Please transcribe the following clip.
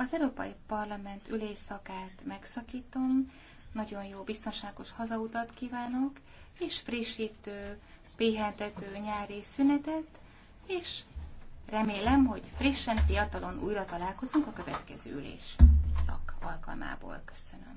Az Európai Parlament ülésszakát megszakítom, nagyon jó biztonságos hazautat kívánok, és frissítő, pihentető nyári szünetet, és remélem, hogy frissen, fiatalon újra találkozunk a következő ülés szak alkalmából. Köszönöm.